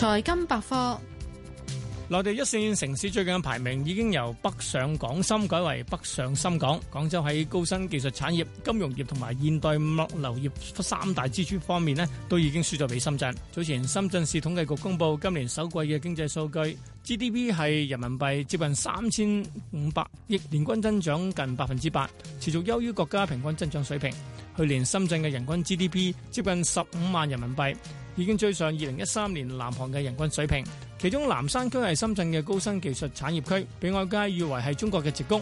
財金百科，內地一線城市最近嘅排名已經由北上廣深改為北上深廣。廣州喺高新技術產業、金融業同埋現代物流業三大支柱方面呢都已經輸咗俾深圳。早前深圳市統計局公布今年首季嘅經濟數據，GDP 係人民幣接近三千五百億，年均增長近百分之八，持續優於國家平均增長水平。去年深圳嘅人均 GDP 接近十五萬人民幣。已經追上二零一三年南韓嘅人均水平，其中南山區係深圳嘅高新技術產業區，被外界譽為係中國嘅矽谷。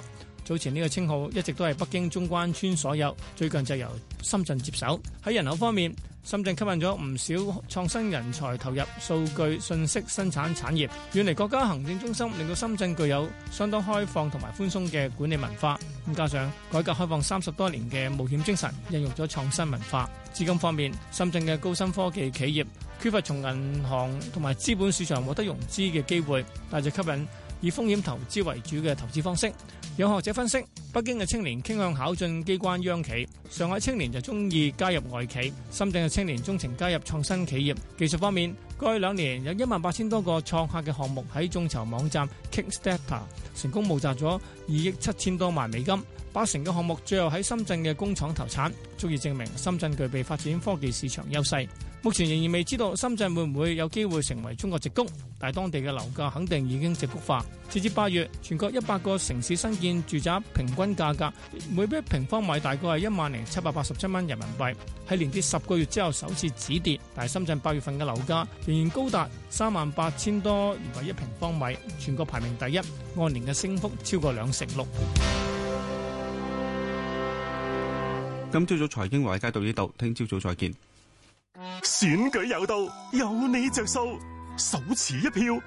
早前呢個稱號一直都係北京中關村所有，最近就由深圳接手。喺人口方面，深圳吸引咗唔少創新人才投入數據信息生產產業。遠離國家行政中心，令到深圳具有相當開放同埋寬鬆嘅管理文化。咁加上改革開放三十多年嘅冒險精神，孕育咗創新文化。資金方面，深圳嘅高新科技企業缺乏從銀行同埋資本市場獲得融資嘅機會，但係就吸引。以風險投資為主嘅投資方式。有學者分析，北京嘅青年傾向考進機關央企，上海青年就中意加入外企，深圳嘅青年鍾情加入創新企業。技術方面，過去兩年有一萬八千多個創客嘅項目喺眾籌網站 Kickstarter 成功募集咗二億七千多萬美金，八成嘅項目最後喺深圳嘅工廠投產，足以證明深圳具備發展科技市場優勢。目前仍然未知道深圳會唔會有機會成為中國矽谷，但係當地嘅樓價肯定已經矽谷化。截至八月，全國一百個城市新建住宅平均價格每一平方米大概係一萬零七百八十七蚊人民幣，喺連跌十個月之後首次止跌。但係深圳八月份嘅樓價仍然高達三萬八千多元一平方米，全國排名第一，按年嘅升幅超過兩成六。今朝早財經話講到呢度，聽朝早再見。選舉有道，有你着數，手持一票，